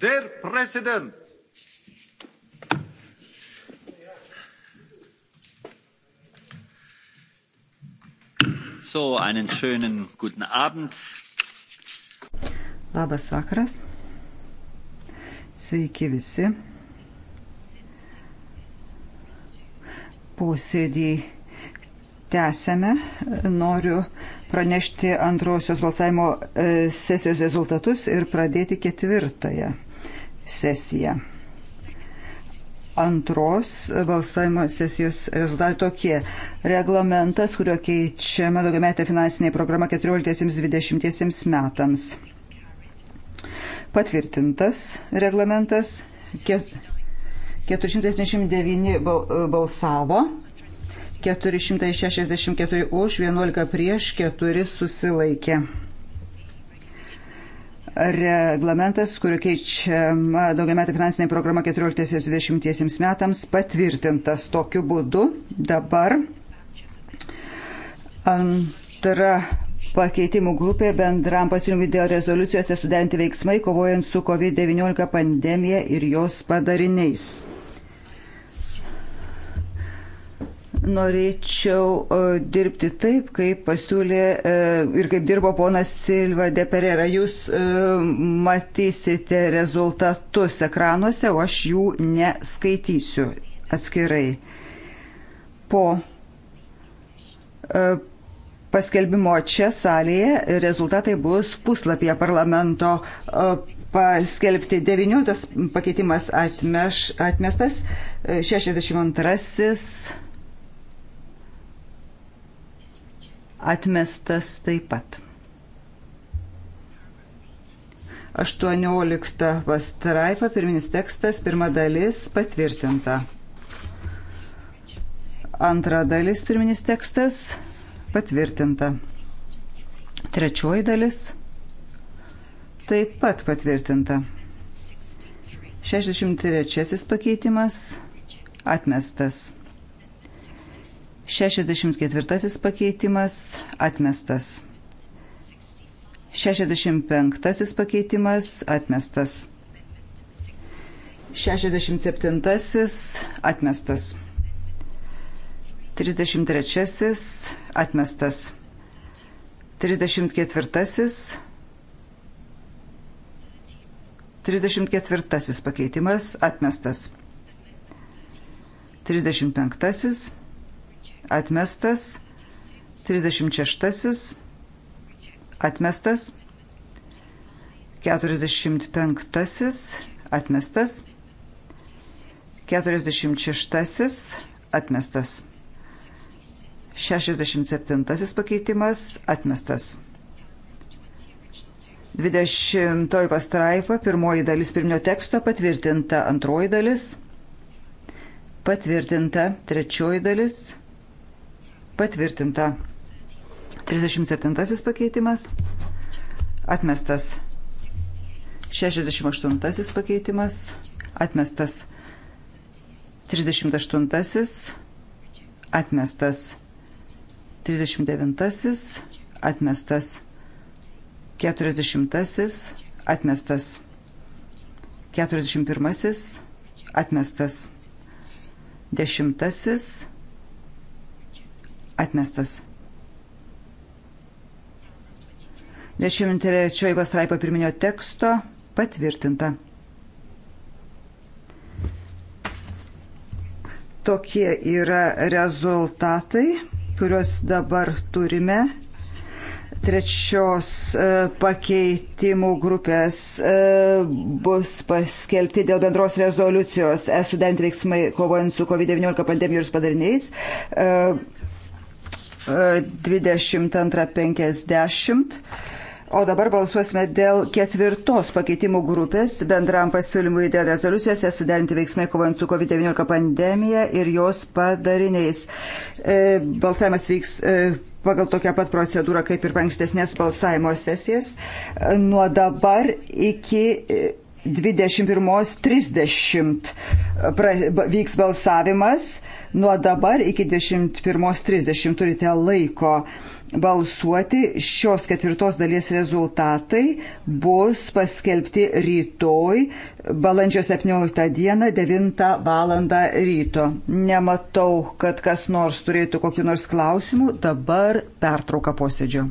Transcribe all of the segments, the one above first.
Der Präsident! So, einen schönen guten Abend. Labas vakaras. Sveiki visi. Posėdį tęsėme. Noriu pranešti antrosios balsavimo e, sesijos rezultatus ir pradėti ketvirtąją sesiją. Antros balsavimo sesijos rezultatai tokie. Reglamentas, kurio keičiama daugiametė finansinė programa 14-20 metams. Patvirtintas reglamentas 479 balsavo, 464 už, 11 prieš, 4 susilaikė reglamentas, kurio keičiama daugiametė finansinė programa 14-20 metams, patvirtintas tokiu būdu dabar. Antra pakeitimų grupė bendram pasiūlymui dėl rezoliucijose suderinti veiksmai, kovojant su COVID-19 pandemija ir jos padariniais. norėčiau e, dirbti taip, kaip pasiūlė e, ir kaip dirbo ponas Silva de Pereira. Jūs e, matysite rezultatus ekranuose, o aš jų neskaitysiu atskirai. Po paskelbimo čia salėje rezultatai bus puslapyje parlamento paskelbti 19 pakeitimas atmeš, atmestas, 62 atmestas taip pat. 18 pastraipa, pirminis tekstas, pirma dalis patvirtinta. Antra dalis, pirminis tekstas patvirtinta. Trečioji dalis taip pat patvirtinta. 63 pakeitimas atmestas. 64 pakeitimas atmestas. 65 pakeitimas atmestas. 67 atmestas. 33 atmestas. 34 34 pakeitimas atmestas. 35 atmestas, 36 atmestas, 45 atmestas, 46 atmestas, 67 pakeitimas atmestas. 20 pastraipa, pirmoji dalis pirminio teksto patvirtinta, antroji dalis patvirtinta, trečioji dalis patvirtinta Patvirtinta. 37 pakeitimas. Atmestas. 68 pakeitimas. Atmestas. 38 atmestas. 39 atmestas. 40 atmestas. 41 atmestas. 10 Atmestas. 23 pastraipa pirminio teksto patvirtinta. Tokie yra rezultatai, kuriuos dabar turime trečios e, pakeitimų grupės e, bus paskelbti dėl bendros rezoliucijos esudent veiksmai kovojant su COVID-19 pandemijos padariniais. E, 22.50. O dabar balsuosime dėl ketvirtos pakeitimų grupės bendram pasiūlymui dėl rezoliucijos suderinti veiksmai kovojant su COVID-19 pandemija ir jos padariniais. E, balsavimas vyks e, pagal tokią pat procedūrą kaip ir ankstesnės balsavimo sesijas. E, nuo dabar iki. E, 21.30 vyks balsavimas. Nuo dabar iki 21.30 turite laiko balsuoti. Šios ketvirtos dalies rezultatai bus paskelbti rytoj, balandžio 17 dieną, 9 val. ryto. Nematau, kad kas nors turėtų kokį nors klausimų. Dabar pertrauka posėdžio.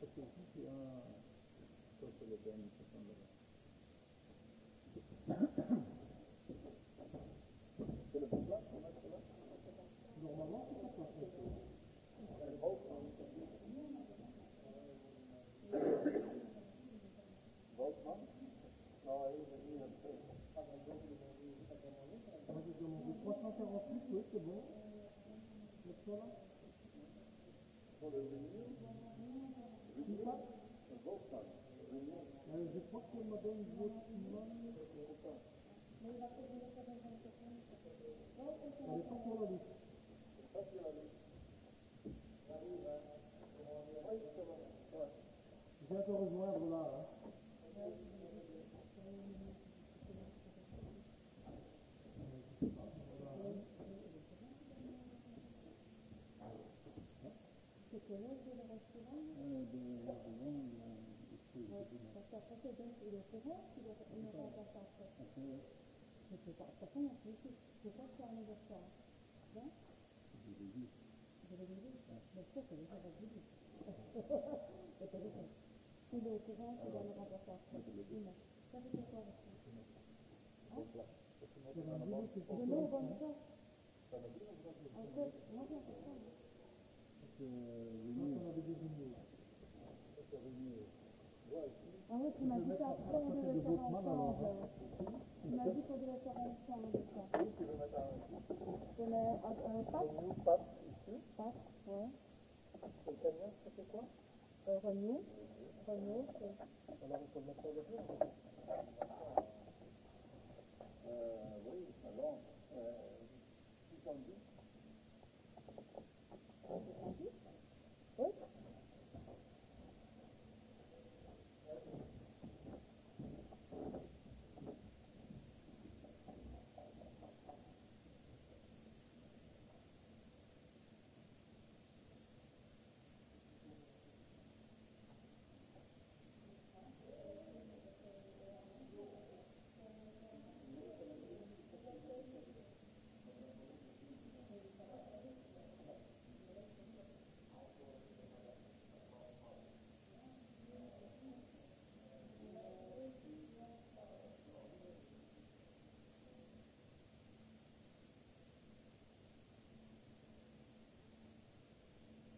pataisyti jo tuose legendinuose kambariuose. C'est le bon plat qu'on a là Normalement, c'est ça qu'on fait. Volkmann Non, il est venu après. Ah, ben, donc, il est venu à demander. Ah, j'ai demandé 348, oui, c'est bon. Le plat là Je vais te rejoindre là. Hein. 小同学跟有时候这个没有办法上课，不知道，小朋友平时只会穿那个小，嗯，这个衣服，我这回这个衣服，我这个很，那个时候这个没办法上课，真的，但是这个，啊，有没有帮助？А как можно поставить? Это вы не. Это вы не. Ah oui, tu m'as dit ça après le référendum. Tu m'as dit pour le référendum, ça. Oui, tu veux mettre un... Mais un pape Renew, pape, ici. Pape, ouais. Et italien, ça fait quoi euh, Renew. Renew, c'est... Alors, il faut le mettre sur le jour. Euh, oui, alors... Euh, 70. 70